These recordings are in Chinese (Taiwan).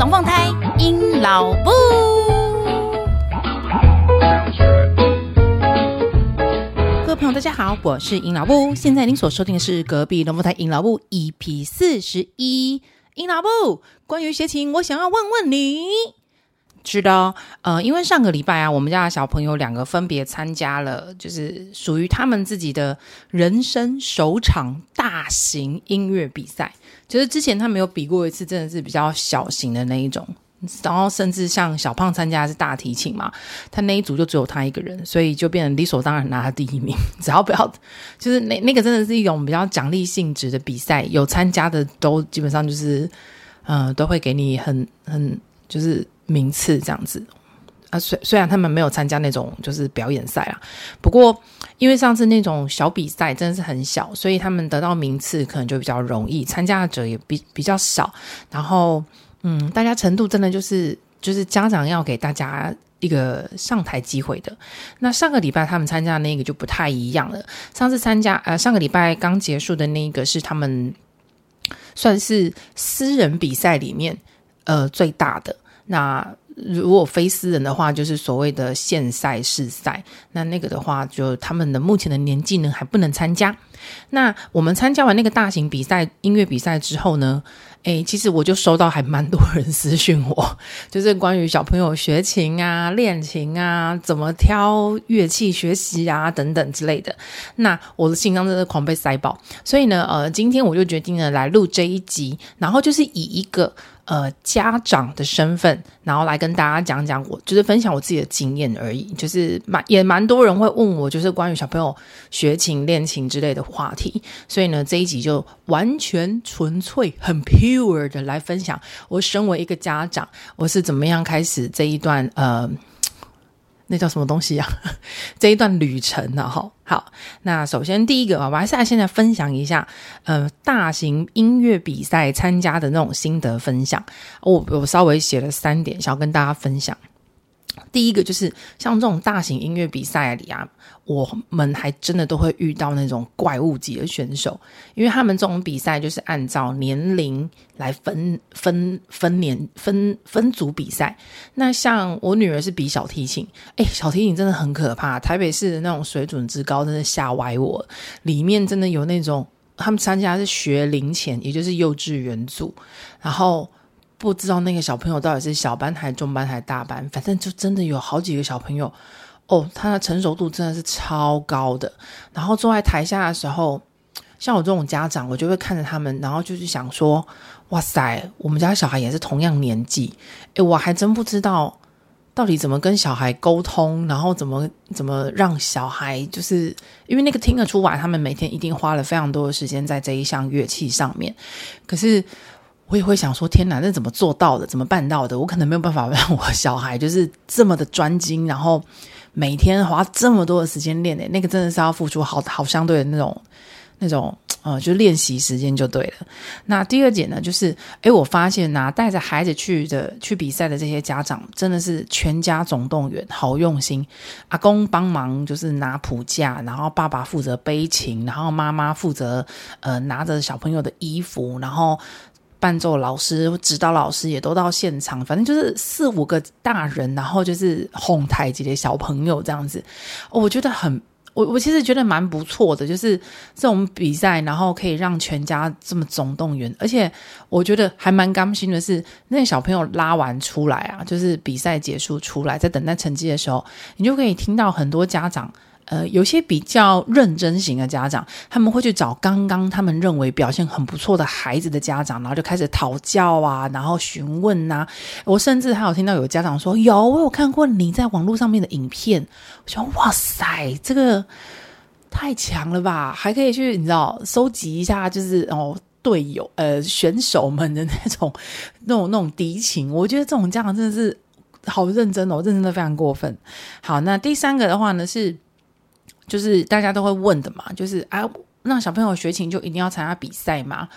龍鳳胎，陰老木。各位朋友，大家好，我是陰老木。現在您所收聽的是隔壁龍鳳胎陰老木 EP41 陰老木。關於學琴，我想要問問你。是的哦，呃，因為上個禮拜啊，我們家的小朋友兩個分別參加了，就是屬於他們自己的人生首場大型音樂比賽。就是之前他沒有比過一次，真的是比較小型的那一種。然後甚至像小胖參加是大提琴嘛，他那一組就只有他一個人，所以就變成理所當然拿了第一名。只要不要，就是那那個真的是一種比較獎勵性質的比賽，有參加的都基本上就是，呃，都會給你很很就是。名次這樣子，啊，雖雖然他們沒有參加那種就是表演賽啦，不過因為上次那種小比賽真的是很小，所以他們得到名次可能就比較容易，參加者也比比較少。然後，嗯，大家程度真的就是就是家長要給大家一個上台機會的。那上個禮拜他們參加的那個就不太一樣了。上次參加呃上個禮拜剛結束的那一個，是他們算是私人比賽裡面呃最大的。那如果非私人的話，就是所謂的縣賽、市賽。那那個的話，就他們的目前的年紀呢還不能參加。那我們參加完那個大型比賽、音樂比賽之後呢，誒，其實我就收到還蠻多人私訊我，我就是關於小朋友學琴啊、練琴啊、怎麼挑樂器學習啊等等之類的。那我的信箱真的狂被塞爆，所以呢，呃，今天我就決定了來錄這一集，然後就是以一個。呃，家長的身份，然後來跟大家講講我，我就是分享我自己的經驗而已。就是蠻也蠻多人會問我，就是關於小朋友學琴、練琴之類的話題。所以呢，這一集就完全純粹、很 pure 的來分享，我身為一個家長，我是怎麼樣開始這一段呃。那叫什麼東西呀，啊？ 這一段旅程呢？哈，好，那首先第一個啊，我還是在現在分享一下，嗯，呃，大型音樂比賽參加的那種心得分享。我我稍微寫了三點，想要跟大家分享。第一個就是像這種大型音樂比賽裡啊，我們還真的都會遇到那種怪物級的選手，因為他們這種比賽就是按照年齡來分分分年分分組比賽。那像我女兒是比小提琴，哎、欸，小提琴真的很可怕，台北市的那種水準之高真的嚇歪我。裡面真的有那種他們參加的是學齡前，也就是幼稚園組，然後。不知道那個小朋友到底是小班還是中班還是大班，反正就真的有好幾個小朋友哦，他的成熟度真的是超高的。然後坐在台下的時候，像我這種家長，我就會看着他們，然後就是想說：“哇塞，我們家小孩也是同樣年紀，誒，我還真不知道到底怎麼跟小孩溝通，然後怎麼怎麼讓小孩就是因為那個聽得出來，他們每天一定花了非常多的時間在這一項樂器上面，可是。”我也會想說，天哪，那怎麼做到的？怎麼辦到的？我可能沒有辦法讓我小孩就是這麼的專精，然後每天花這麼多的時間練誒，那個真的是要付出好好相對的那種那種呃，就練習時間就對了。那第二點呢，就是誒，我發現啊，帶着孩子去的去比賽的這些家長，真的是全家總動員，好用心。阿公幫忙就是拿譜架，然後爸爸負責背琴，然後媽媽負責呃，拿着小朋友的衣服，然後。伴奏老師、指導老師也都到現場，反正就是四五個大人，然後就是哄台級的小朋友這樣子。我覺得很，我我其實覺得蠻不錯的，就是這種比賽，然後可以讓全家這麼總動員。而且我覺得還蠻甘心的是，那小朋友拉完出來啊，就是比賽結束出來，在等待成績的時候，你就可以聽到很多家長。呃，有些比較認真型的家長，他們會去找剛剛他們認為表現很不錯的孩子的家長，然後就開始討教啊，然後詢問吶、啊。我甚至還有聽到有家長說：“有，我有看過你在網絡上面的影片。”我說：“哇塞，這個太強了吧！”還可以去，你知道，收集一下，就是哦，隊友、呃，選手們的那種、那種、那種敵情。我覺得這種家長真的是好認真哦，認真的非常過分。好，那第三個的話呢，是。就是大家都會問的嘛，就是啊，那小朋友學琴就一定要參加比賽嗎？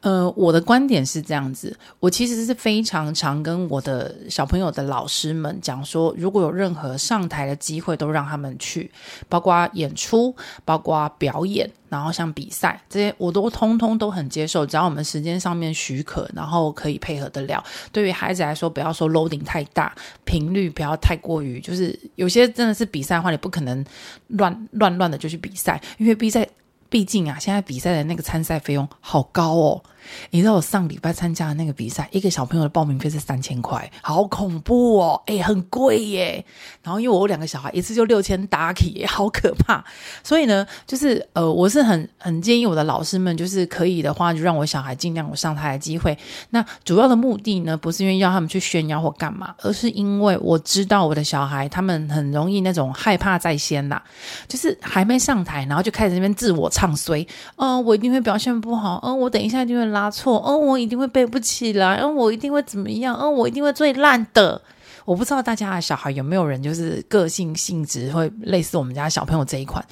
呃，我的觀點是這樣子，我其實是非常常跟我的小朋友的老師們講說，如果有任何上台的機會，都讓他們去，包括演出，包括表演，然後像比賽這些，我都通通都很接受，只要我們時間上面許可，然後可以配合得了。對於孩子來說，不要說 loading 太大，頻率不要太過於，就是有些真的是比賽的話，你不可能亂亂亂的就去比賽，因為比賽。畢竟啊，現在比賽的那個參賽費用好高哦！你知道我上禮拜參加的那個比賽，一個小朋友的報名費是三千塊，好恐怖哦！誒，很貴耶。然後因為我兩個小孩一次就六千打起，好可怕。所以呢，就是呃，我是很很建議我的老師們，就是可以的話，就讓我小孩盡量有上台的機會。那主要的目的呢，不是因為要他們去炫耀或幹嘛，而是因為我知道我的小孩他們很容易那種害怕在先啦、啊，就是還沒上台，然後就開始那邊自我。唱衰。嗯、呃，我一定會表現不好。嗯、呃，我等一下就會拉錯。嗯、呃，我一定會背不起來。嗯、呃，我一定會怎麼樣？嗯、呃，我一定會最爛的。我不知道大家的小孩有沒有人就是個性性質會類似我們家小朋友這一款。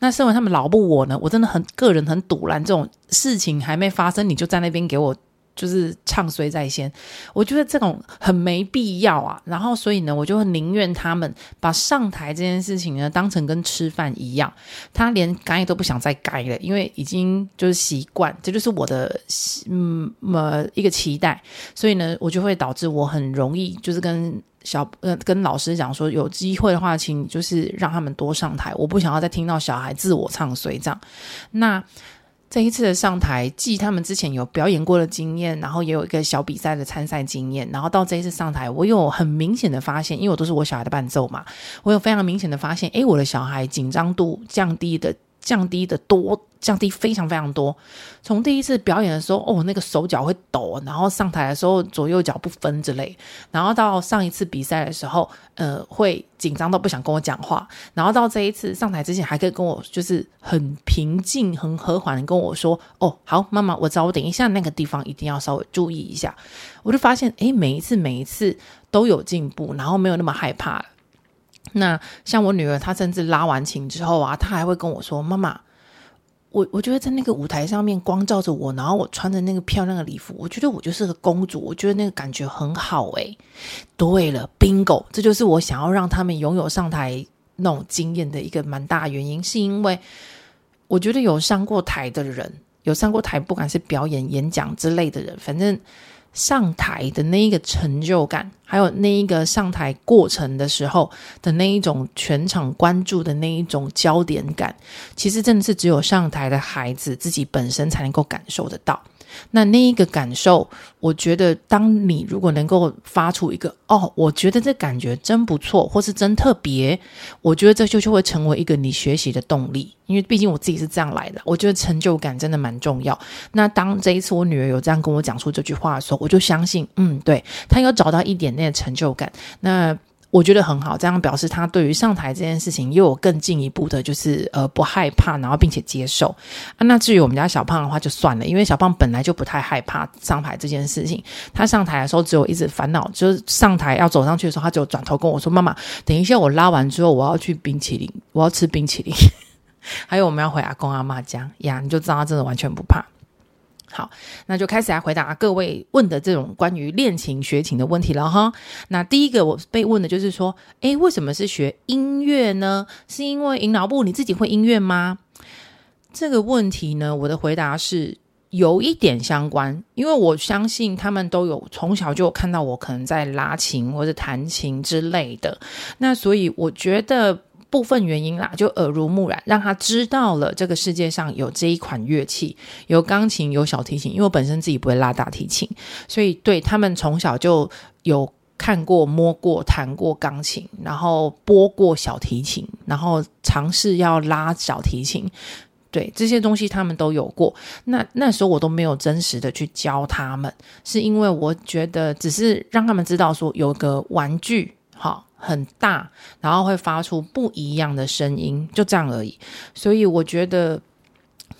那身為他們老木我呢，我真的很個人很賭爛，這種事情還沒發生，你就在那邊給我。就是唱衰在先，我覺得這種很沒必要啊。然後，所以呢，我就寧願他們把上台這件事情呢當成跟吃飯一樣，他連改也都不想再改了，因為已經就是習慣，這就是我的嗯麼、嗯、一個期待。所以呢，我就會導致我很容易就是跟小呃跟老師講說，有機會的話，請就是讓他們多上台，我不想要再聽到小孩自我唱衰這樣。那。這一次的上台，既他們之前有表演過的經驗，然後也有一個小比賽的參賽經驗，然後到這一次上台，我有很明顯的發現，因為我都是我小孩的伴奏嘛，我有非常明顯的發現，誒，我的小孩緊張度降低的降低的多，降低非常非常多。從第一次表演的時候，哦，那個手腳會抖，然後上台的時候左右腳不分之類，然後到上一次比賽的時候，呃，會緊張到不想跟我講話，然後到這一次上台之前還可以跟我就是很平靜、很和緩的跟我說：“哦，好，媽媽，我找我等一下那個地方一定要稍微注意一下。”我就發現，哎，每一次、每一次都有進步，然後沒有那麼害怕了。那像我女兒，她甚至拉完琴之後啊，她還會跟我說：“媽媽。”我我覺得在那個舞台上面光照着我，然後我穿着那個漂亮的禮服，我覺得我就是個公主，我覺得那個感覺很好誒、欸，對了，bingo，這就是我想要讓他們擁有上台那種經驗的一個蠻大的原因，是因為我覺得有上過台的人，有上過台不管是表演、演講之類的人，反正。上台的那一個成就感，還有那一個上台過程的時候的那一種全場關注的那一種焦點感，其實真的是只有上台的孩子自己本身才能夠感受得到。那那一個感受，我覺得，當你如果能夠發出一個“哦，我覺得這感覺真不錯”或是“真特別”，我覺得這就就會成為一個你學習的動力。因為畢竟我自己是這樣來的，我覺得成就感真的蠻重要。那當這一次我女兒有這樣跟我講出這句話的時候，我就相信，嗯，對，她有找到一點點成就感。那。我覺得很好，這樣表示他對於上台這件事情又有更進一步的，就是呃不害怕，然後並且接受。啊，那至於我們家小胖的話就算了，因為小胖本來就不太害怕上台這件事情。他上台的時候，只有一直煩惱，就是上台要走上去的時候，他就轉頭跟我說：“媽媽，等一下我拉完之後，我要去冰淇淋，我要吃冰淇淋。 ”還有我們要回阿公阿媽家呀，你就知道他真的完全不怕。好，那就開始來回答各位問的這種關於練琴學琴的問題了哈。那第一個我被問的就是說，誒，為什麼是學音樂呢？是因為陰老木你自己會音樂嗎？這個問題呢，我的回答是有一點相關，因為我相信他們都有從小就看到我可能在拉琴或者彈琴之類的，那所以我覺得。部分原因啦，就耳濡目染，讓他知道了這個世界上有這一款樂器，有鋼琴，有小提琴。因為我本身自己不會拉大提琴，所以對他們從小就有看過、摸過、彈過鋼琴，然後撥過小提琴，然後嘗試要拉小提琴。對，這些東西，他們都有過。那那時候我都沒有真實的去教他們，是因為我覺得只是讓他們知道說有個玩具，哈、哦。很大，然後會發出不一樣的聲音，就這樣而已。所以我覺得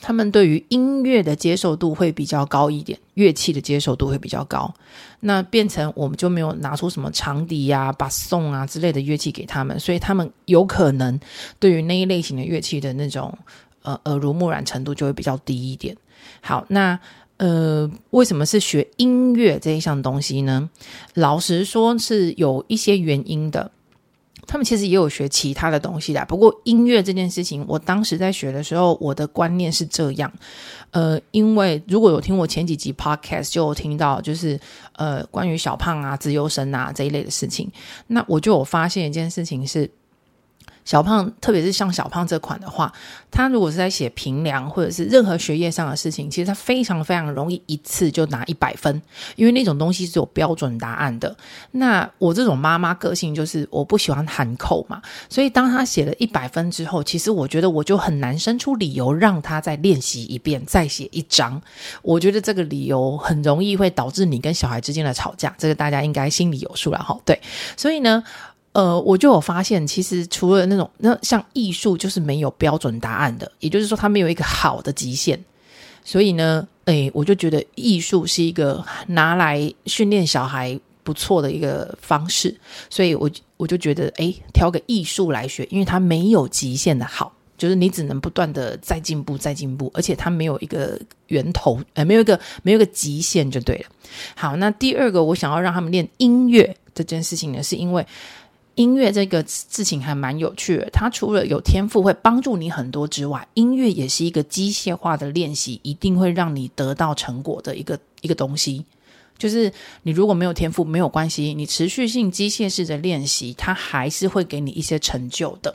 他們對於音樂的接受度會比較高一點，樂器的接受度會比較高。那變成我們就沒有拿出什麼長笛呀、啊、巴松 啊之類的樂器給他們，所以他們有可能對於那一類型的樂器的那種呃耳濡目染程度就會比較低一點。好，那。呃，為什麼是學音樂這一項東西呢？老實說，是有一些原因的。他們其實也有學其他的東西的，不過音樂這件事情，我當時在學的時候，我的觀念是這樣。呃，因為如果有聽我前幾集 podcast，就有聽到就是呃關於小胖啊、自由身啊這一類的事情，那我就有發現一件事情是。小胖，特別是像小胖這款的話，他如果是在寫評量或者是任何學業上的事情，其實他非常非常容易一次就拿一百分，因為那種東西是有標準答案的。那我這種媽媽個性就是我不喜歡含扣嘛，所以當他寫了一百分之後，其實我覺得我就很難生出理由讓他再練習一遍、再寫一張。我覺得這個理由很容易會導致你跟小孩之間的吵架，這個大家應該心裡有數了哈。對，所以呢。呃，我就有發現，其實除了那種，那像藝術就是沒有標準答案的，也就是說，它沒有一個好的極限。所以呢，哎、欸，我就覺得藝術是一個拿來訓練小孩不錯的一個方式。所以我，我我就覺得，哎、欸，挑個藝術來學，因為它沒有極限的好，就是你只能不斷的再進步，再進步，而且它沒有一個源頭，呃，沒有一個，沒有一個極限就對了。好，那第二個，我想要讓他們練音樂這件事情呢，是因為。音樂這個事情還蠻有趣的，它除了有天賦會幫助你很多之外，音樂也是一個機械化的練習，一定會讓你得到成果的一個一個東西。就是你如果沒有天賦沒有關係，你持續性機械式的練習，它還是會給你一些成就的。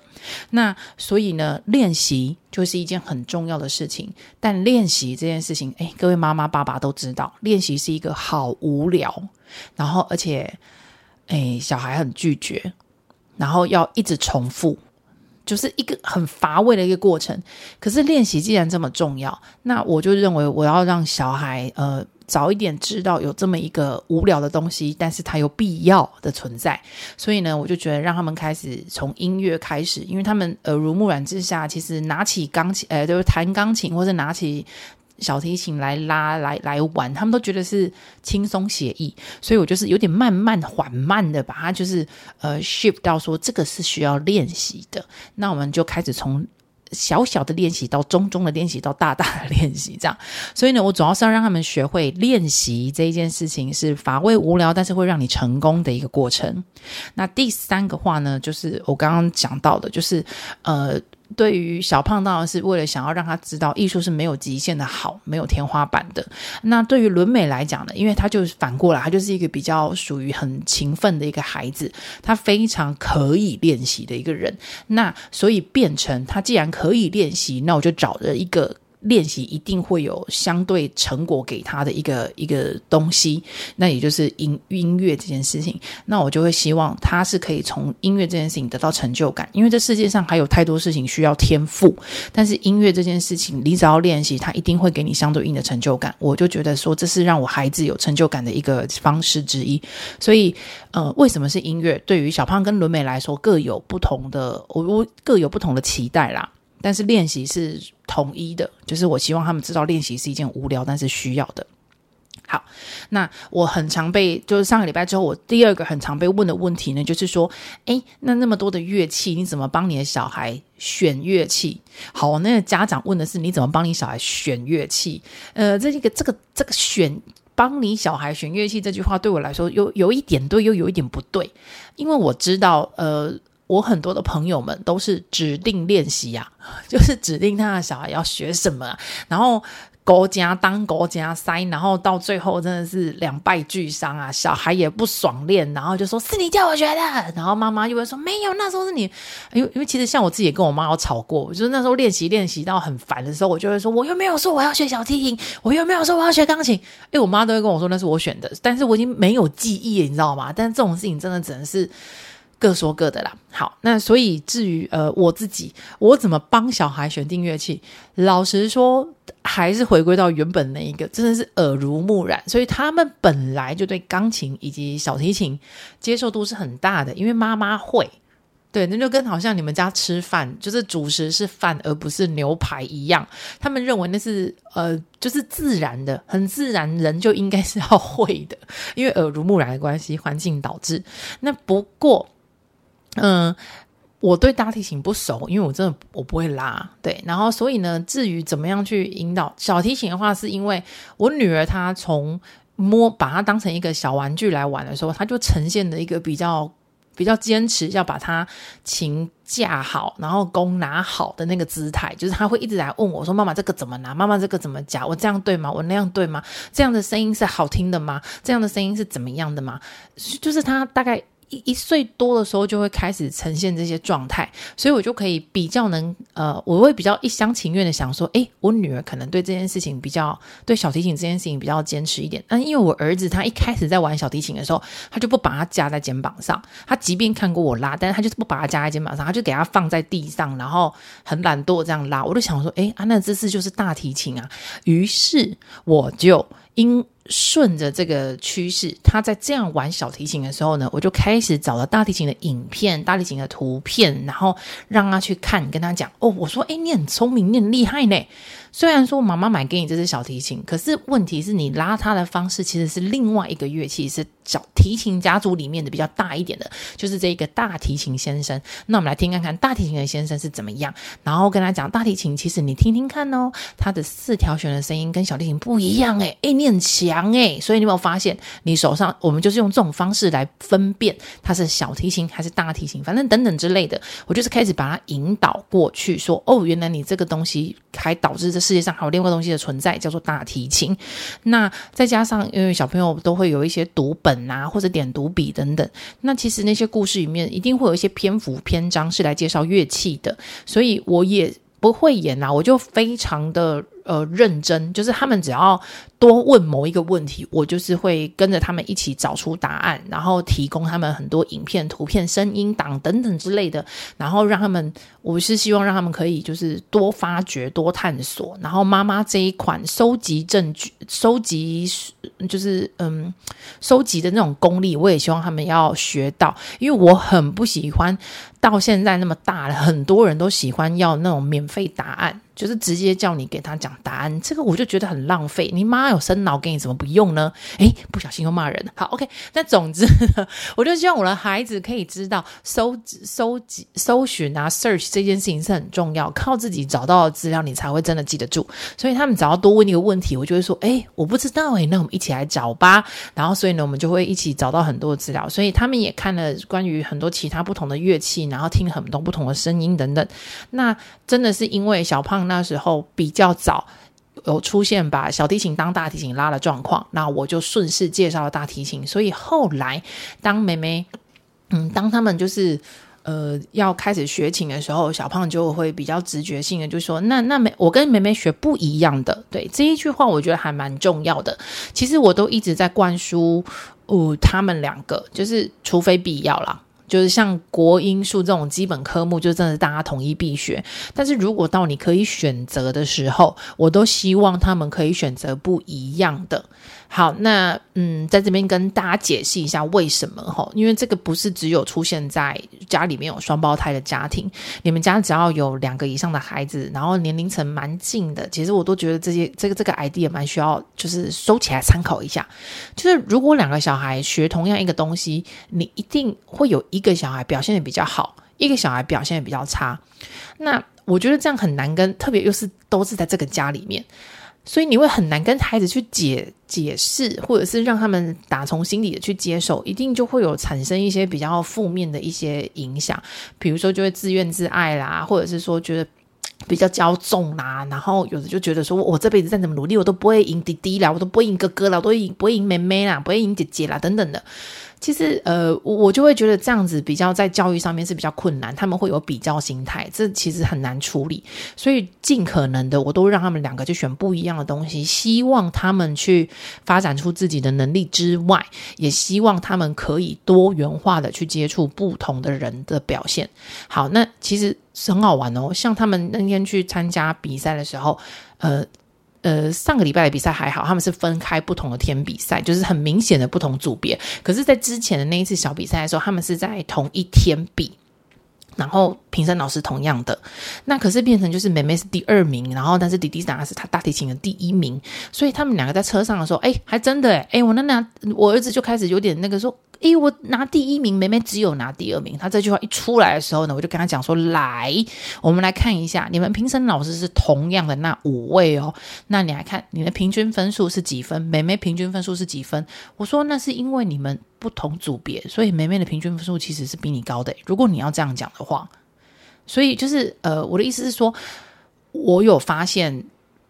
那所以呢，練習就是一件很重要的事情。但練習這件事情，哎，各位媽媽爸爸都知道，練習是一個好無聊，然後而且，哎，小孩很拒絕。然後要一直重複，就是一個很乏味的一個過程。可是練習既然這麼重要，那我就認為我要讓小孩呃早一點知道有這麼一個無聊的東西，但是它有必要的存在。所以呢，我就覺得讓他們開始從音樂開始，因為他們耳濡目染之下，其實拿起鋼琴呃，就是彈鋼琴，或者拿起。小提琴來拉、來來玩，他們都覺得是輕鬆寫意，所以我就是有點慢慢緩慢的把它就是呃 shift 到說這個是需要練習的。那我們就開始從小小的練習到中中的練習到大大的練習這樣。所以呢，我主要是要讓他們學會練習這一件事情是乏味無聊，但是會讓你成功的一個過程。那第三個話呢，就是我剛剛講到的，就是呃。對於小胖當然是為了想要讓他知道藝術是沒有極限的好，好沒有天花板的。那對於綸鎂來講呢，因為他就是反過來，他就是一個比較屬於很勤奮的一個孩子，他非常可以練習的一個人。那所以變成他既然可以練習，那我就找了一個。練習一定會有相對成果給他的一個一個東西，那也就是音音樂這件事情。那我就會希望他是可以從音樂這件事情得到成就感，因為這世界上還有太多事情需要天賦，但是音樂這件事情，你只要練習，它一定會給你相對應的成就感。我就覺得說，這是讓我孩子有成就感的一個方式之一。所以，呃，為什麼是音樂？對於小胖跟綸鎂來說，各有不同的，我我各有不同的期待啦。但是練習是統一的，就是我希望他們知道練習是一件無聊但是需要的。好，那我很常被就是上個禮拜之後，我第二個很常被問的問題呢，就是說，誒，那那麼多的樂器，你怎麼幫你的小孩選樂器？好，那個家長問的是你怎麼幫你小孩選樂器？呃，這個這個這個選幫你小孩選樂器這句話對我來說有有一點對，又有一點不對，因為我知道，呃。我很多的朋友們都是指定練習呀，啊，就是指定他的小孩要學什麼，然後勾家當勾家塞，然後到最後真的是兩敗俱傷啊！小孩也不爽練，然後就說：“是你叫我學的。”然後媽媽就會說：“沒有，那時候是你。哎”因為因為其實像我自己也跟我媽有吵過，我，就是那時候練習練習到很煩的時候，我就會說：“我又沒有說我要學小提琴，我又沒有說我要學鋼琴。哎”誒，我媽都會跟我說那是我選的，但是我已經沒有記憶了，你知道嗎？但是這種事情真的只能是。各說各的啦。好，那所以至於呃我自己，我怎麼幫小孩選定樂器？老實說，還是回歸到原本那一個，真的是耳濡目染。所以他們本來就對鋼琴以及小提琴接受度是很大的，因為媽媽會。對，那就跟好像你們家吃飯，就是主食是飯而不是牛排一樣，他們認為那是呃就是自然的，很自然，人就應該是要會的，因為耳濡目染的關係，環境導致。那不過。嗯，我對大提琴不熟，因為我真的我不會拉。對，然後所以呢，至於怎麼樣去引導小提琴的話，是因為我女兒她從摸把它當成一個小玩具來玩的時候，她就呈現的一個比較比較堅持要把她琴架好，然後弓拿好的那個姿態，就是她會一直來問我說，說媽媽這個怎麼拿？媽媽這個怎麼夾？我這樣對嗎？我那樣對嗎？這樣的聲音是好聽的嗎？這樣的聲音是怎麼樣的嗎？就是她大概。一一歲多的時候，就會開始呈現這些狀態，所以我就可以比較能呃，我會比較一廂情願的想說，誒、欸，我女兒可能對這件事情比較，對小提琴這件事情比較堅持一點。但因為我兒子，他一開始在玩小提琴的時候，他就不把它夾在肩膀上，他即便看過我拉，但是他就是不把它夾在肩膀上，他就給他放在地上，然後很懶惰這樣拉。我就想說，誒、欸，啊，那這次就是大提琴啊。於是我就因。順着這個趨勢，他在這樣玩小提琴的時候呢，我就開始找了大提琴的影片、大提琴的圖片，然後讓他去看，跟他講哦，我說哎、欸，你很聰明，你很厲害呢。雖然說媽媽買給你這只小提琴，可是問題是你拉他的方式其實是另外一個樂器，是小提琴家族裡面的比較大一點的，就是這一個大提琴先生。那我們來聽看看大提琴的先生是怎麼樣，然後跟他講大提琴，其實你聽聽看哦，它的四條弦的聲音跟小提琴不一樣誒，哎、欸，念起來。誒，所以你有沒有發現，你手上我們就是用這種方式來分辨，它是小提琴還是大提琴，反正等等之類的，我就是開始把它引導過去，說哦，原來你這個東西還導致，這世界上還有另外一個東西的存在，叫做大提琴。那再加上，因為小朋友都會有一些讀本啊，或者點讀筆等等，那其實那些故事裡面一定會有一些篇幅篇章是來介紹樂器的，所以我也不會演啊，我就非常的。呃，認真就是他們只要多問某一個問題，我就是會跟着他們一起找出答案，然後提供他們很多影片、圖片、聲音檔等等之類的，然後讓他們，我是希望讓他們可以就是多發掘、多探索。然後媽媽這一款收集證據、收集就是嗯收集的那種功力，我也希望他們要學到，因為我很不喜歡到現在那麼大了，很多人都喜歡要那種免費答案。就是直接叫你給他講答案，這個我就覺得很浪費。你媽有生腦給你，怎麼不用呢？哎，不小心又罵人。好，OK。那總之呵呵，我就希望我的孩子可以知道搜、收集、搜尋啊，search 這件事情是很重要，靠自己找到的資料，你才會真的記得住。所以他們只要多問一個問題，我就會說：“哎，我不知道哎、欸。”那我們一起來找吧。然後，所以呢，我們就會一起找到很多的資料。所以他們也看了關於很多其他不同的樂器，然後聽很多不同的聲音等等。那真的是因為小胖。那時候比較早有出現把小提琴當大提琴拉的狀況，那我就順勢介紹了大提琴。所以後來當鎂鎂，嗯，當他們就是呃要開始學琴的時候，小胖就會比較直覺性的就說：“那那我跟鎂鎂學不一樣的。對”對，這一句話，我覺得還蠻重要的。其實我都一直在灌輸，哦、呃，他們兩個就是除非必要啦。就是像國英數這種基本科目，就真的是大家統一必學。但是如果到你可以選擇的時候，我都希望他們可以選擇不一樣的。好，那嗯，在這邊跟大家解釋一下為什麼吼，因為這個不是只有出現在家裡面有雙胞胎的家庭，你們家只要有兩個以上的孩子，然後年齡層蠻近的，其實我都覺得這些這個這個 idea 蠻需要，就是收起來參考一下。就是如果兩個小孩學同樣一個東西，你一定會有一個小孩表現得比較好，一個小孩表現得比較差，那我覺得這樣很難跟，特別又是都是在這個家裡面。所以你會很難跟孩子去解解釋，或者是讓他們打從心裡的去接受，一定就會有產生一些比較負面的一些影響。比如說就會自怨自艾啦，或者是說覺得比較驕縱啦，然後有的就覺得說我這輩子再怎麼努力，我都不會贏弟弟了，我都不會贏哥哥了，我都不會贏妹妹啦，不會贏姐姐啦，等等的。其實，呃，我就會覺得這樣子比較在教育上面是比較困難，他們會有比較心態，這其實很難處理。所以，儘可能的，我都讓他們兩個去選不一樣的東西，希望他們去發展出自己的能力之外，也希望他們可以多元化的去接觸不同的人的表現。好，那其實是很好玩哦，像他們那天去參加比賽的時候，呃。呃，上個禮拜的比賽還好，他們是分開不同的天比賽，就是很明顯的不同組別。可是，在之前的那一次小比賽的時候，他們是在同一天比，然後評審老師同樣的，那可是變成就是妹妹是第二名，然後但是弟弟達是他大提琴的第一名，所以他們兩個在車上的時候，哎、欸，還真的哎、欸欸，我那倆，我兒子就開始有點那個說。哎，我拿第一名，鎂鎂只有拿第二名。他這句話一出來的時候呢，我就跟他講說：“來，我們來看一下，你們評審老師是同樣的那五位哦。那你來看，你的平均分數是幾分？鎂鎂平均分數是幾分？我說那是因為你們不同組別，所以鎂鎂的平均分數其實是比你高的。如果你要這樣講的話，所以就是呃，我的意思是說，我有發現，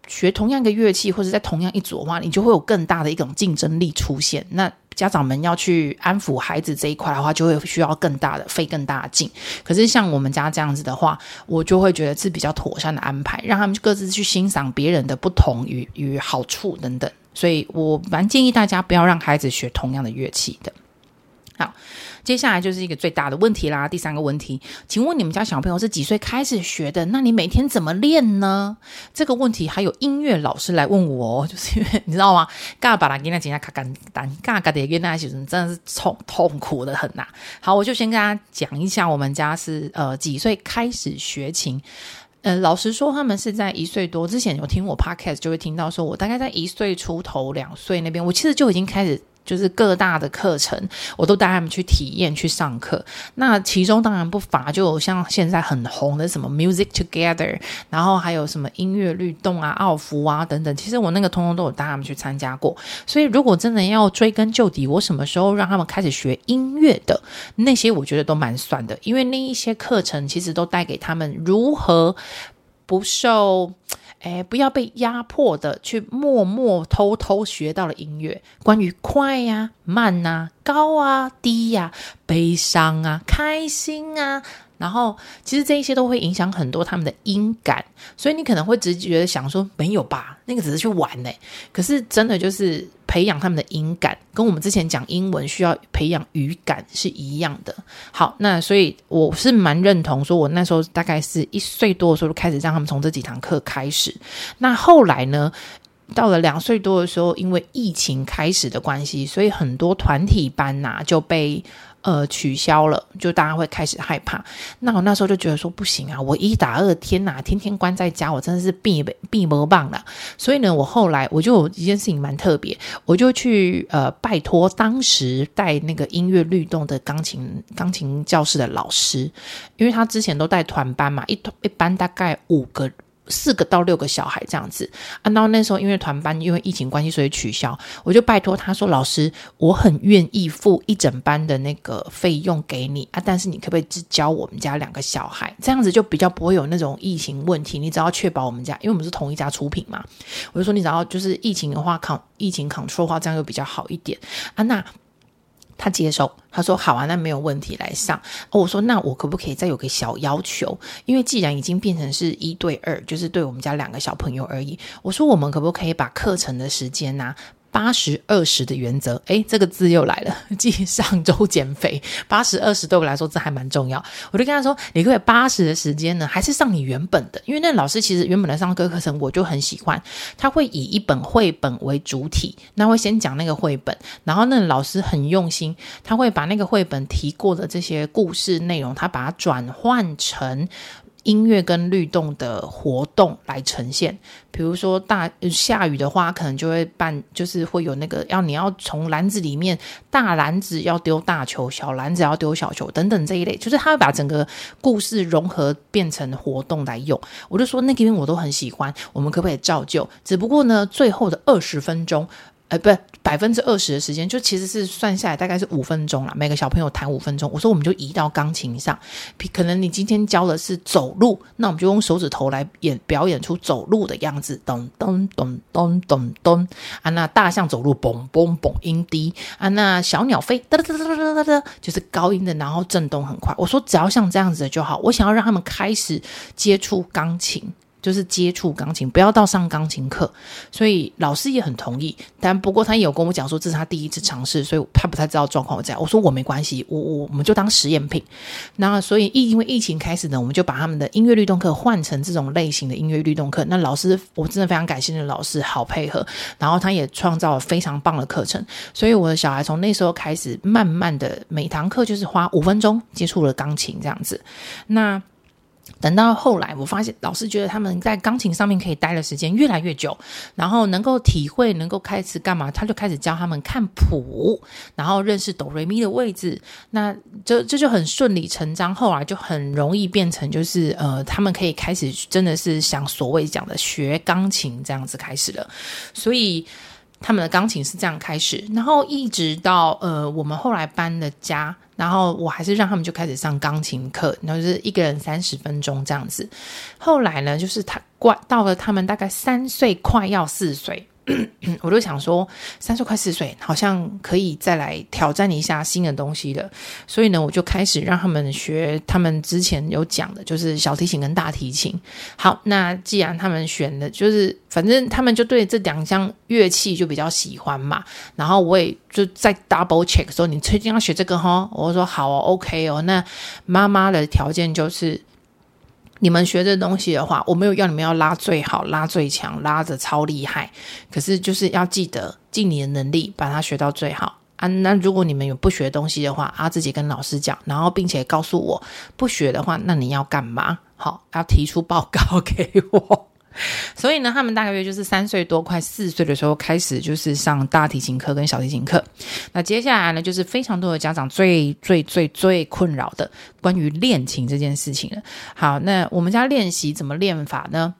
學同樣一個樂器或者在同樣一組的話，你就會有更大的一種競爭力出現。那。家長們要去安撫孩子這一塊的話，就會需要更大的，費更大的勁。可是像我們家這樣子的話，我就會覺得是比較妥善的安排，讓他們各自去欣賞別人的不同與，與好處等等。所以我蠻建議大家不要讓孩子學同樣的樂器的。好。接下來就是一個最大的問題啦，第三個問題，請問你們家小朋友是幾歲開始學的？那你每天怎麼練呢？這個問題還有音樂老師來問我哦，就是因為你知道嗎？嘎巴拉跟大家講講，嘎嘎的跟大家講，真的是痛痛苦的很吶啊。好，我就先跟大家講一下，我們家是呃幾歲開始學琴？呃，老實說，他們是在一歲多之前，我聽我 podcast 就會聽到說，我大概在一歲出頭、兩歲那邊，我其實就已經開始。就是各大的課程，我都帶他們去體驗、去上課。那其中當然不乏，就像現在很紅的什麼 Music Together，然後還有什麼音樂律動啊、奧福啊等等。其實我那個通通都有帶他們去參加過。所以如果真的要追根究底，我什麼時候讓他們開始學音樂的？那些我覺得都蠻算的，因為那一些課程其實都帶給他們如何不受。哎，不要被壓迫的去默默偷偷學到了音樂，關於快呀、啊、慢吶、啊、高啊、低呀、啊、悲傷啊、開心啊。然後，其實這一些都會影響很多他們的音感，所以你可能會直覺的想說沒有吧，那個只是去玩呢、欸。可是真的就是培養他們的音感，跟我們之前講英文需要培養語感是一樣的。好，那所以我是蠻認同，說我那時候大概是一歲多的時候就開始讓他們從這幾堂課開始。那後來呢，到了兩歲多的時候，因為疫情開始的關係，所以很多團體班吶、啊、就被。呃，取消了，就大家會開始害怕。那我那時候就覺得說不行啊，我一打二天吶、啊，天天關在家，我真的是閉閉魔棒了。所以呢，我後來我就有一件事情蠻特別，我就去呃拜託當時帶那個音樂律動的鋼琴鋼琴教室的老師，因為他之前都帶團班嘛，一，一班大概五個。四個到六個小孩這樣子啊，到那時候因為團班因為疫情關係，所以取消。我就拜託他說：“老師，我很願意付一整班的那個費用給你啊，但是你可不可以只教我們家兩個小孩？這樣子就比較不會有那種疫情問題。你只要確保我們家，因為我們是同一家出品嘛。我就說你只要就是疫情的話，抗疫情 control 的話，這樣就比較好一點啊。”那他接受，他說好啊，那沒有問題，來上。我說那我可不可以再有個小要求？因為既然已經變成是一對二，就是對我們家兩個小朋友而已。我說我們可不可以把課程的時間呢、啊？八十二十的原則，哎，這個字又來了。繼上周減肥八十二十，對我來說這還蠻重要。我就跟他說：“你可以八十的時間呢，還是上你原本的？因為那老師其實原本的上課課程，我就很喜歡。他會以一本繪本為主體，那會先講那個繪本，然後那老師很用心，他會把那個繪本提過的這些故事內容，他把它轉換成。”音樂跟律動的活動來呈現，比如說大下雨的話，可能就會辦，就是會有那個要你要從籃子裡面大籃子要丟大球，小籃子要丟小球等等這一類，就是他會把整個故事融合變成活動來用。我就說那這邊我都很喜歡，我們可不可以照舊？只不過呢，最後的二十分鐘。呃，不，百分之二十的時間，就其實是算下來大概是五分鐘啦，每個小朋友彈五分鐘。我說我們就移到鋼琴上，可能你今天教的是走路，那我們就用手指頭來演表演出走路的樣子，咚咚咚咚咚咚。啊，那大象走路，嘣嘣嘣，音低。啊，那小鳥飛，噠噠噠噠噠噠噠，就是高音的，然後震動很快。我說只要像這樣子的就好，我想要讓他們開始接觸鋼琴。就是接觸鋼琴，不要到上鋼琴課，所以老師也很同意。但不過他也有跟我講說，這是他第一次嘗試，所以他不太知道狀況在。我說我沒關係，我我我，我們就當實驗品。那所以疫因為疫情開始呢，我們就把他們的音樂律動課換成這種類型的音樂律動課。那老師我真的非常感謝，你的老師好配合，然後他也創造了非常棒的課程。所以我的小孩從那時候開始，慢慢的每堂課就是花五分鐘接觸了鋼琴這樣子。那。等到後來，我發現老師覺得他們在鋼琴上面可以待的時間越來越久，然後能夠體會，能夠開始幹嘛，他就開始教他們看譜，然後認識哆瑞咪的位置，那這這就很順理成章後，啊，後來就很容易變成就是呃，他們可以開始真的是像所謂講的學鋼琴這樣子開始了，所以。他們的鋼琴是這樣開始，然後一直到呃，我們後來搬了家，然後我還是讓他們就開始上鋼琴課，然後就是一個人三十分鐘這樣子。後來呢，就是他快到了，他們大概三歲快要四歲。 我就想說，三歲快四歲，好像可以再來挑戰一下新的東西了。所以呢，我就開始讓他們學他們之前有講的，就是小提琴跟大提琴。好，那既然他們選的，就是反正他們就對這兩項樂器就比較喜歡嘛。然後我也就再 double check 說，你最近要學這個哈？我說好哦，OK 哦。那媽媽的條件就是。你們學的東西的話，我沒有要你們要拉最好，拉最強，拉的超厲害，可是就是要記得盡你的能力把它學到最好啊。那如果你們有不學東西的話，啊，自己跟老師講，然後並且告訴我不學的話，那你要幹嘛？好，要提出報告給我。所以呢，他們大概就是三歲多、快四歲的時候開始，就是上大提琴課跟小提琴課。那接下來呢，就是非常多的家長最最最最困擾的關於練琴這件事情了。好，那我們家練習怎麼練法呢？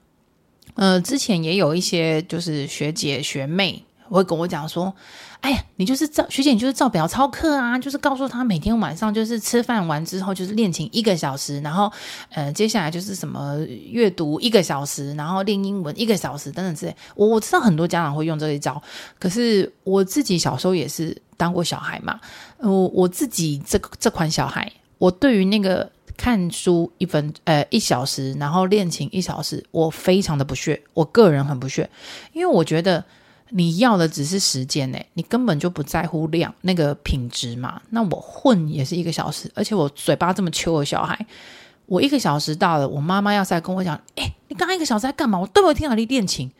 呃，之前也有一些就是學姐學妹。我會跟我講說：“哎呀，你就是照學姐，你就是照表操課啊，就是告訴他每天晚上就是吃飯完之後就是練琴一個小時，然後呃接下來就是什麼閱讀一個小時，然後練英文一個小時，等等之類。”我我知道很多家長會用這一招，可是我自己小時候也是當過小孩嘛，我、呃、我自己這這款小孩，我對於那個看書一分呃一小時，然後練琴一小時，我非常的不屑，我個人很不屑，因為我覺得。你要的只是時間欸，你根本就不在乎量那個品質嘛。那我混也是一個小時，而且我嘴巴這麼秋的小孩，我一個小時到了，我媽媽要再跟我講，誒，你剛剛一個小時在幹嘛？我都沒有聽到你練琴，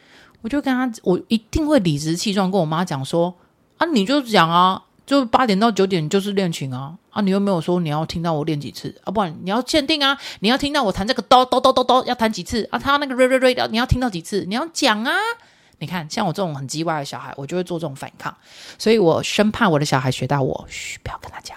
我就跟他，我一定會理直氣壯跟我媽講說，啊，你就講啊，就八點到九點就是練琴啊，啊，你又沒有說你要聽到我練幾次啊，不然你要鑑定啊，你要聽到我彈這個哆哆哆哆哆要彈幾次啊，他那個瑞瑞瑞你要聽到幾次，你要講啊。你看，像我這種很嘰歪的小孩，我就會做這種反抗，所以我生怕我的小孩學到我，噓，不要跟他講。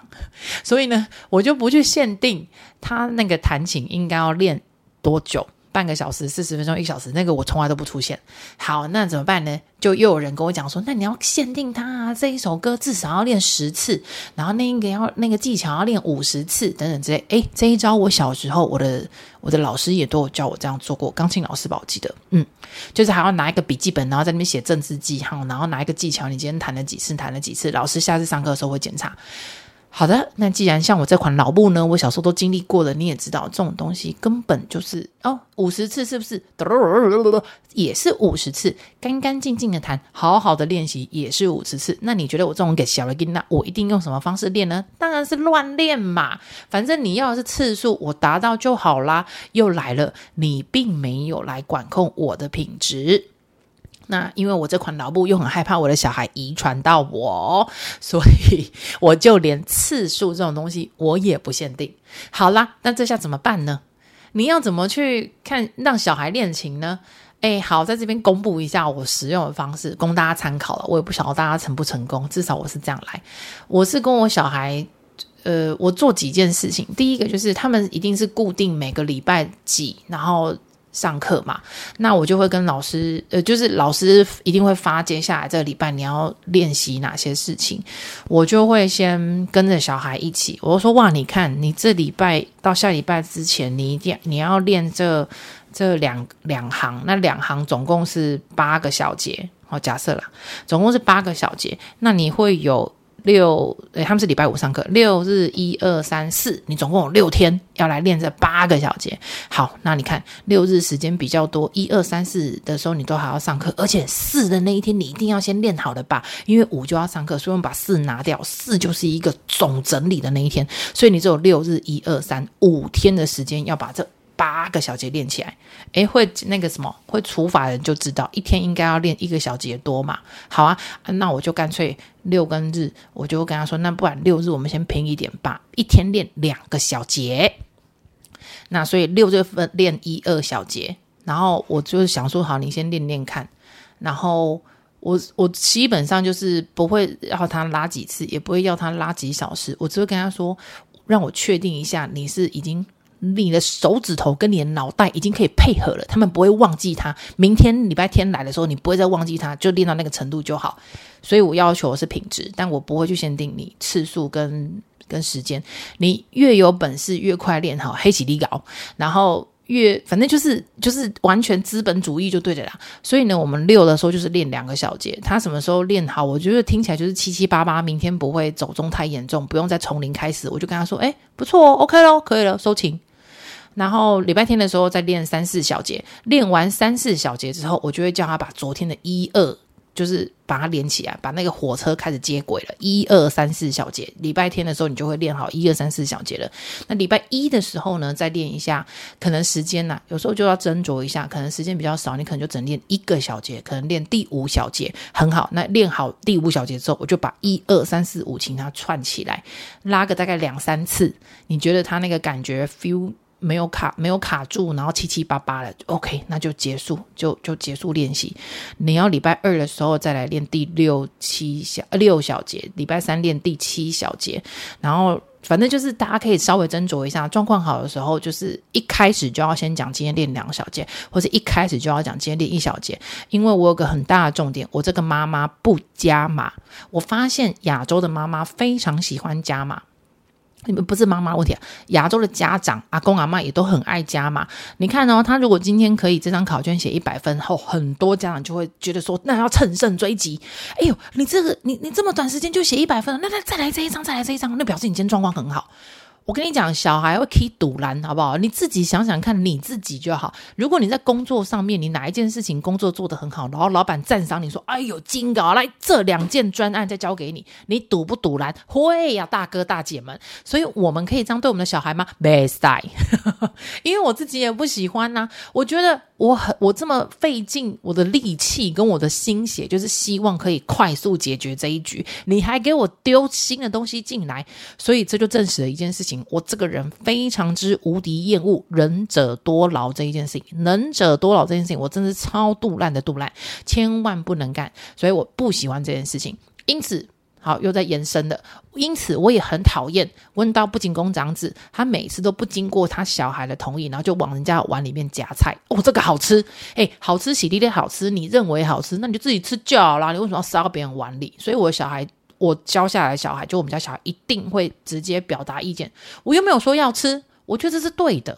所以呢，我就不去限定他那個彈琴應該要練多久。半個小時、四十分鐘、一個小時，那個我從來都不出現。好，那怎麼辦呢？就又有人跟我講說，那你要限定它，啊、這一首歌至少要練十次，然後那個要那個技巧要練五十次等等之類。哎，這一招我小時候，我的我的老師也都有教我這樣做過，鋼琴老師吧，我記得，嗯，就是還要拿一個筆記本，然後在那邊寫正字記號，然後拿一個技巧，你今天彈了幾次，彈了幾次，老師下次上課的時候會檢查。好的，那既然像我這款老木呢，我小時候都經歷過的，你也知道，這種東西根本就是哦，五十次是不是？也是五十次，乾乾淨淨的彈，好好的練習也是五十次。那你覺得我這種給小了吉那我一定用什麼方式練呢？當然是亂練嘛，反正你要的是次數，我達到就好啦。又來了，你並沒有來管控我的品質。那因為我這款老木又很害怕我的小孩遺傳到我，所以我就連次數這種東西我也不限定。好啦，那這下怎麼辦呢？你要怎麼去看讓小孩練琴呢？哎，好，在這邊公布一下我使用的方式，供大家參考了。我也不曉得大家成不成功，至少我是這樣來，我是跟我小孩，呃，我做幾件事情。第一個就是他們一定是固定每個禮拜幾，然後。上課嘛，那我就會跟老師，呃，就是老師一定會發接下來這個禮拜你要練習哪些事情，我就會先跟着小孩一起。我就說哇，你看，你這禮拜到下禮拜之前，你一定你要練這這兩兩行，那兩行總共是八個小節，好、哦，假設啦，總共是八個小節，那你會有。六，哎、欸，他們是禮拜五上課。六日一二三四，你總共有六天要來練這八個小節。好，那你看六日時間比較多，一二三四的時候你都還要上課，而且四的那一天你一定要先練好了吧，因為五就要上課，所以我們把四拿掉，四就是一個總整理的那一天，所以你只有六日一二三五天的時間要把這。八個小節練起來，誒，會那個什麼會除法的人就知道，一天應該要練一個小節多嘛。好啊，那我就乾脆六跟日，我就會跟他說，那不然六日我們先拼一點吧，一天練兩個小節。那所以六就練一二小節，然後我就想說，好，你先練練看。然後我我基本上就是不會要他拉幾次，也不會要他拉幾小時，我只會跟他說，讓我確定一下你是已經。你的手指頭跟你的腦袋已經可以配合了，他們不會忘記他。明天禮拜天來的時候，你不會再忘記他，就練到那個程度就好。所以我要求是品質，但我不會去限定你次數跟跟時間。你越有本事，越快練好黑起立搞，然後。越反正，就是就是完全資本主義就對了啦，所以呢，我們六的時候就是練兩個小節，他什麼時候練好，我覺得聽起來就是七七八八，明天不會走中太嚴重，不用再從零開始，我就跟他說，哎、欸，不錯哦，OK 了，可以了，收琴。然後禮拜天的時候再練三四小節，練完三四小節之後，我就會叫他把昨天的一二。就是把它連起來，把那個火車開始接軌了，一二三四小節，禮拜天的時候你就會練好一二三四小節了。那禮拜一的時候呢，再練一下，可能時間呢、啊，有時候就要斟酌一下，可能時間比較少，你可能就只練一個小節，可能練第五小節，很好。那練好第五小節之後，我就把一二三四五請它串起來，拉個大概兩三次，你覺得它那個感覺 feel？沒有卡，沒有卡住，然後七七八八的，OK，那就結束，就就結束練習。你要禮拜二的時候再來練第六七小六小節，禮拜三練第七小節。然後反正就是大家可以稍微斟酌一下，狀況好的時候，就是一開始就要先講今天練兩小節，或者一開始就要講今天練一小節。因為我有個很大的重點，我這個媽媽不加碼。我發現亞洲的媽媽非常喜歡加碼。不是媽媽問題，亞洲的家長阿公阿媽也都很愛加嘛。你看哦，他如果今天可以這張考卷寫一百分後，很多家長就會覺得說，那要乘勝追擊。哎呦，你這個你你這麼短時間就寫一百分了，那他再來這一張再來這一張，那表示你今天狀況很好。我跟你講，小孩會可以賭籃，好不好？你自己想想看，你自己就好。如果你在工作上面，你哪一件事情工作做得很好，然後老闆讚賞你說：“哎呦，金剛，來，這兩件專案再交給你，你賭不賭籃？會呀、啊，大哥大姐們。所以我們可以這樣對我們的小孩嗎？best die，因為我自己也不喜歡吶、啊。我覺得我很我這麼費勁，我的力氣跟我的心血，就是希望可以快速解決這一局，你還給我丟新的東西進來，所以這就證實了一件事情。我這個人非常之無敵厭惡“能者多勞”這一件事情，“能者多勞”這件事情，我真的是超杜爛的杜爛，千萬不能幹。所以我不喜歡這件事情。因此，好又在延伸的，因此我也很討厭。問到不僅公長子，他每次都不經過他小孩的同意，然後就往人家碗裡面夾菜。哦，這個好吃，誒，好吃，喜力的，好吃。你認為好吃，那你就自己吃就好啦。你為什麼要塞到別人碗裡？所以我的小孩。我教下來小孩，就我們家小孩一定會直接表達意見。我又沒有說要吃，我覺得這是對的，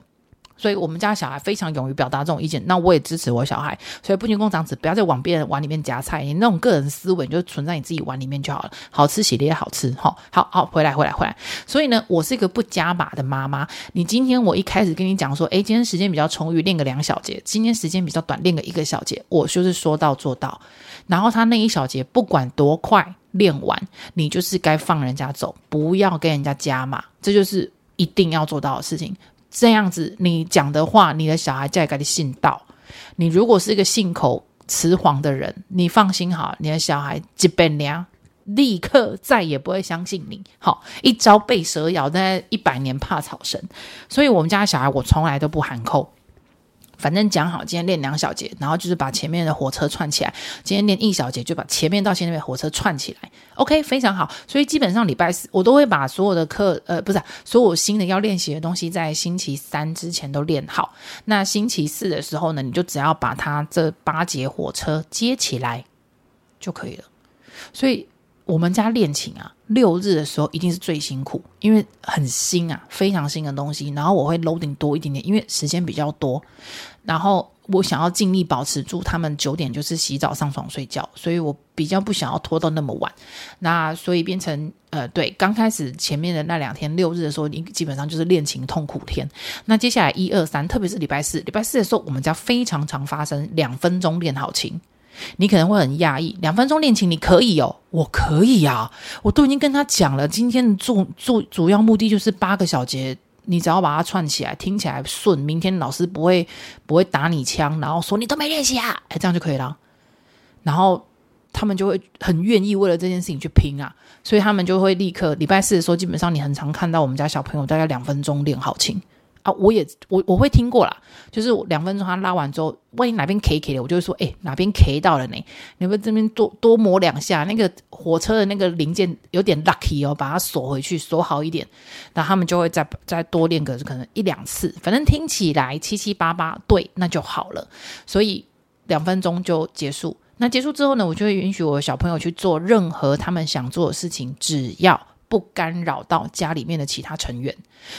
所以我們家小孩非常勇於表達這種意見。那我也支持我小孩，所以不成功長子不要再往別人碗裡面夾菜。你那種個人思維就存在你自己碗裡面就好了，好吃系列好，好，好吃，好，好好回來回來回來。所以呢，我是一個不加碼的媽媽。你今天我一開始跟你講說，哎，今天時間比較充裕，練個兩小節；今天時間比較短，練個一個小節。我就是說到做到。然後他那一小節不管多快，練完，你就是該放人家走，不要跟人家加碼，這就是一定要做到的事情。這樣子，你講的話，你的小孩才會給你信道。你如果是一個信口雌黃的人，你放心好，你的小孩一百年立刻再也不會相信你。好，一朝被蛇咬，那一百年怕草繩。所以，我們家小孩我從來都不含糊。反正講好，今天練兩小節，然後就是把前面的火車串起來。今天練一小節，就把前面到前面的火車串起來。OK，非常好。所以基本上禮拜四我都會把所有的課，呃，不是、啊、所有新的要練習的東西，在星期三之前都練好。那星期四的時候呢，你就只要把它這八節火車接起來就可以了。所以。我們家練琴啊，六日的時候一定是最辛苦，因為很新啊，非常新的東西。然後我會 loading 多一點點，因為時間比較多。然後我想要盡力保持住他們九點就是洗澡上床睡覺，所以我比較不想要拖到那麼晚。那所以變成呃，對，剛開始前面的那兩天六日的時候，你基本上就是練琴痛苦天。那接下來一二三，特別是禮拜四，禮拜四的時候，我們家非常常發生兩分鐘練好琴。你可能會很訝異，兩分鐘練琴你可以哦？我可以呀，啊，我都已經跟他講了，今天做做主要目的就是八個小節，你只要把它串起來，聽起來順，明天老師不會不會打你槍，然後說你都沒練習啊，哎，這樣就可以了。然後他們就會很願意為了這件事情去拼啊，所以他們就會立刻禮拜四的時候，基本上你很常看到我們家小朋友大概兩分鐘練好琴。啊、我也我我會聽過啦，就是兩分鐘他拉完之後，萬一哪邊卡卡的，我就會說，哎、欸，哪邊卡到了呢？你們這邊多多磨兩下，那個火車的那個零件有點 lucky 哦，把它鎖回去，鎖好一點。那他們就會再再多練個可能一兩次，反正聽起來七七八八對，那就好了。所以兩分鐘就結束。那結束之後呢，我就會允許我的小朋友去做任何他們想做的事情，只要。不干擾到家裡面的其他成員，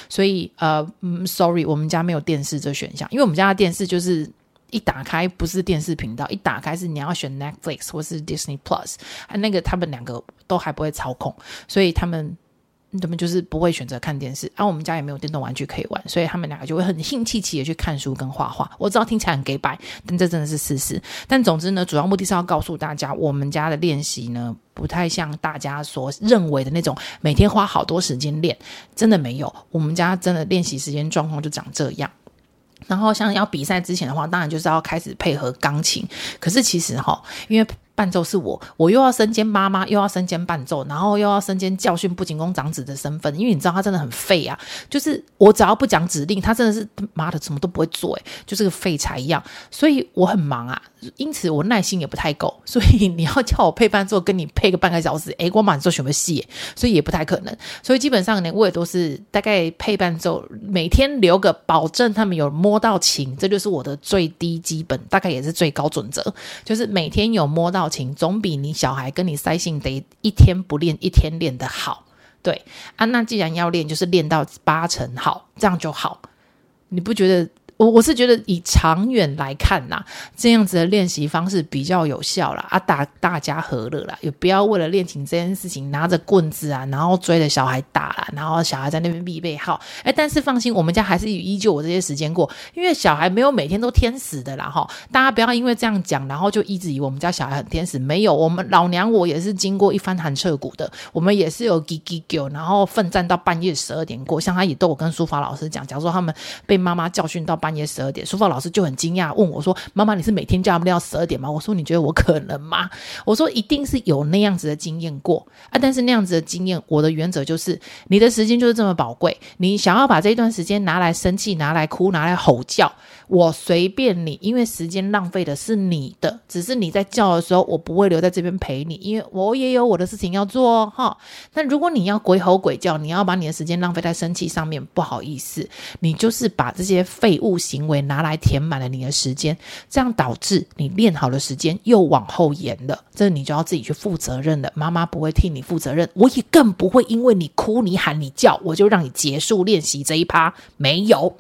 所以呃，uh，sorry，我們家沒有電視這選項，因為我們家的電視就是一打開不是電視頻道，一打開是你要選 Netflix 或是 Disney Plus，那個他們兩個都還不會操控，所以他們。你怎麼就是不會選擇看電視，啊，然後我們家也沒有電動玩具可以玩，所以他們兩個就會很興氣氣的去看書跟畫畫。我知道聽起來很給擺，但這真的是事實。但總之呢，主要目的是要告訴大家，我們家的練習呢，不太像大家所認為的那種每天花好多時間練，真的沒有。我們家真的練習時間狀況就長這樣。然後像要比賽之前的話，當然就是要開始配合鋼琴。可是其實哈，因為。伴奏是我，我又要身兼媽媽，又要身兼伴奏，然後又要身兼教訓不僅工長子的身份，因為你知道他真的很廢啊，就是我只要不講指令，他真的是媽的什麼都不會做，欸，誒，就這、是、個廢柴一樣，所以我很忙啊，因此我耐心也不太夠，所以你要叫我配伴奏，跟你配個半個小時，誒、欸，我滿做什麼戲，所以也不太可能，所以基本上呢，我也都是大概配伴奏，每天留個保證，他們有摸到琴，這就是我的最低基本，大概也是最高準則，就是每天有摸到。總比你小孩跟你塞性得一天不練一天練的好，對啊。那既然要練，就是練到八成好，這樣就好。你不覺得？我我是覺得以長遠來看啦，這樣子的練習方式比較有效啦。啊打，打大家和樂啦，也不要為了練琴這件事情拿着棍子啊，然後追着小孩打，啦，然後小孩在那邊必備號。哎，但是放心，我們家還是依舊我這些時間過，因為小孩沒有每天都天使的啦哈。大家不要因為這樣講，然後就一直以為我們家小孩很天使，沒有，我們老娘我也是經過一番寒徹骨的，我們也是有幾幾九，然後奮戰到半夜十二點過。像他也都有跟書法老師講，講說他們被媽媽教訓到半。半夜十二點，書法老師就很驚訝問我說：“媽媽，你是每天叫他們練到十二點嗎？”我說：“你覺得我可能嗎？”我說：“一定是有那樣子的經驗過啊！但是那樣子的經驗，我的原則就是，你的時間就是這麼寶貴，你想要把這一段時間拿來生氣，拿來哭，拿來吼叫。”我隨便你，因為時間浪費的是你的，只是你在叫的時候，我不會留在這邊陪你，因為我也有我的事情要做哦哈。但如果你要鬼吼鬼叫，你要把你的時間浪費在生氣上面，不好意思，你就是把這些廢物行為拿來填滿了你的時間，這樣導致你練好了時間又往後延了，這你就要自己去負責任的。媽媽不會替你負責任，我也更不會因為你哭、你喊、你叫，我就讓你結束練習這一趴，沒有。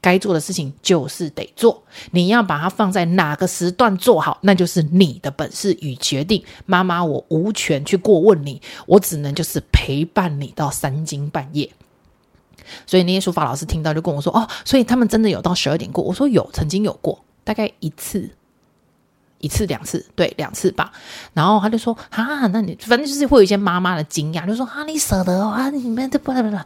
該做的事情就是得做，你要把它放在哪個時段做好，那就是你的本事與決定。媽媽，我無權去過問你，我只能就是陪伴你到三更半夜。所以那些書法老師聽到就跟我說：“哦，所以他們真的有到十二點過？”我說：“有，曾經有過，大概一次，一次兩次，對，兩次吧。”然後他就說：“哈，那你反正就是會有一些媽媽的驚訝，就說：‘哈、啊，你捨得、哦、啊？你們這不不不？’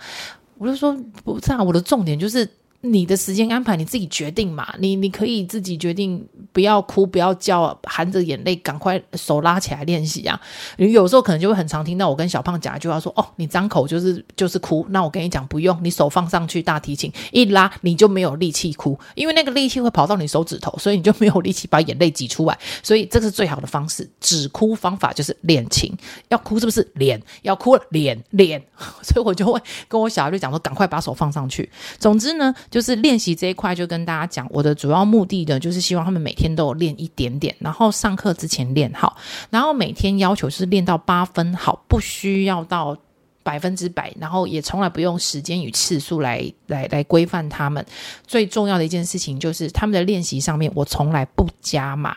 我就說：‘不，這樣。’我的重點就是。”你的時間安排你自己決定嘛，你你可以自己決定，不要哭，不要叫，含着眼淚趕快手拉起來練習啊。你有時候可能就會很常聽到我跟小胖講一句話說：“哦，你張口就是就是哭。”那我跟你講，不用，你手放上去，大提琴一拉，你就沒有力氣哭，因為那個力氣會跑到你手指頭，所以你就沒有力氣把眼淚擠出來。所以這是最好的方式，止哭方法就是練琴。要哭是不是臉要哭了臉臉？ 所以我就會跟我小孩就講說：“趕快把手放上去。”總之呢。就是練習這一塊，就跟大家講，我的主要目的呢，就是希望他們每天都有練一點點，然後上課之前練好，然後每天要求就是練到八分好，不需要到百分之百，然後也從來不用時間與次數來來來規範他們。最重要的一件事情就是他們的練習上面，我從來不加碼。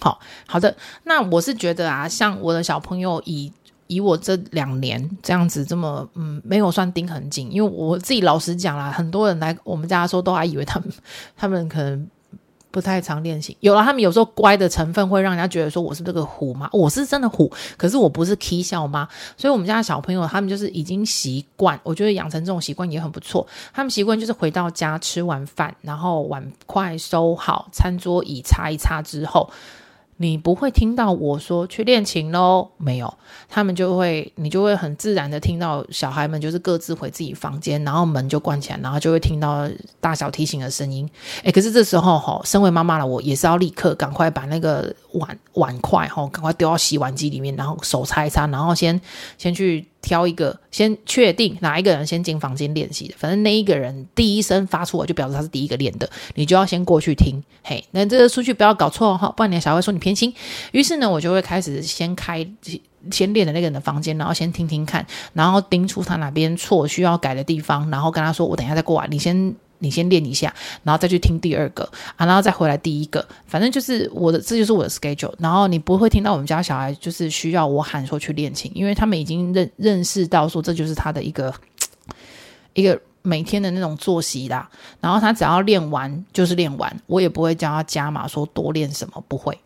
好好的，那我是覺得啊，像我的小朋友以。以我這兩年這樣子這麼嗯，沒有算盯很緊，因為我自己老實講啦，很多人來我們家的時候都還以為他們他們可能不太常練習。有了他們有時候乖的成分，會讓人家覺得說，我是不是這個虎媽？我是真的虎，可是我不是 k 笑媽。所以，我們家的小朋友他們就是已經習慣，我覺得養成這種習慣也很不錯。他們習慣就是回到家吃完飯，然後碗筷收好，餐桌椅擦一擦之後。你不會聽到我說去練琴咯，沒有，他們就會，你就會很自然的聽到小孩們就是各自回自己房間，然後門就關起來，然後就會聽到大小提琴的聲音。哎，可是這時候吼身為媽媽了，我也是要立刻趕快把那個碗碗筷吼趕快丟到洗碗機裡面，然後手擦一擦，然後先先去。挑一個先確定哪一個人先進房間練習的，反正那一個人第一聲發出，我就表示他是第一個練的，你就要先過去聽。嘿，那這個數據不要搞錯哈、哦，不然你的小孩會說你偏心。於是呢，我就會開始先開先練的那個人的房間，然後先聽聽看，然後盯出他哪邊錯需要改的地方，然後跟他說，我等一下再過來，你先。你先練一下，然後再去聽第二個啊，然後再回來第一個。反正就是我的，這就是我的 schedule。然後你不會聽到我們家小孩就是需要我喊說去練琴，因為他們已經認認識到說這就是他的一個一個每天的那種作息啦。然後他只要練完就是練完，我也不會叫他加碼說多練什麼，不會。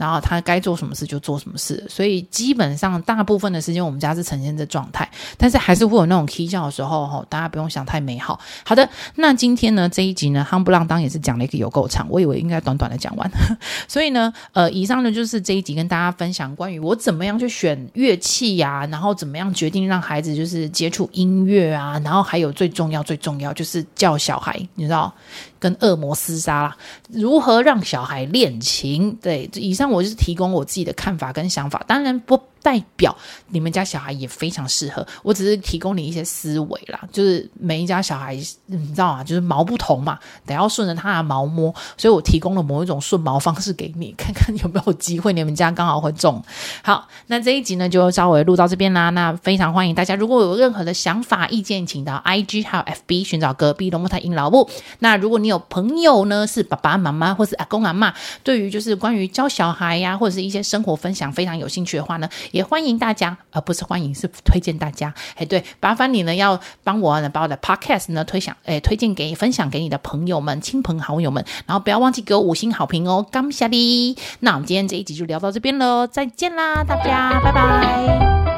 然後他該做什麼事就做什麼事，所以基本上大部分的時間我們家是呈現這狀態，但是還是會有那種踢叫的時候，大家不用想太美好。好的，那今天呢，這一集呢，夯不啷噹也是講了一個有夠長，我以為應該短短的講完， 所以呢，呃，以上呢就是這一集跟大家分享關於我怎麼樣去選樂器呀、啊，然後怎麼樣決定讓孩子就是接觸音樂啊，然後還有最重要最重要就是教小孩，你知道跟惡魔廝殺啦，如何讓小孩練琴？對，以上。我就是提供我自己的看法跟想法，當然不代表你們家小孩也非常適合，我只是提供你一些思維啦，就是每一家小孩，你知道啊，就是毛不同嘛，得要順着他的毛摸，所以我提供了某一種順毛方式給你，看看有沒有機會你們家剛好會中。好，那這一集呢就稍微錄到這邊啦，那非常歡迎大家，如果有任何的想法意見，請到 I G 還有 F B 尋找隔壁龍鳳胎陰老木。那如果你有朋友呢是爸爸媽媽或是阿公阿嬤，對於就是關於教小孩呀、啊，或者是一些生活分享非常有興趣的話呢。也歡迎大家，而不是歡迎是推薦大家。哎，對，麻煩你呢，要幫我呢把我的 podcast 呢推想、欸，推薦給分享給你的朋友們、親朋好友們，然後不要忘記給我五星好評哦，感謝你。那我們今天這一集就聊到這邊嘍，再見啦，大家，拜拜。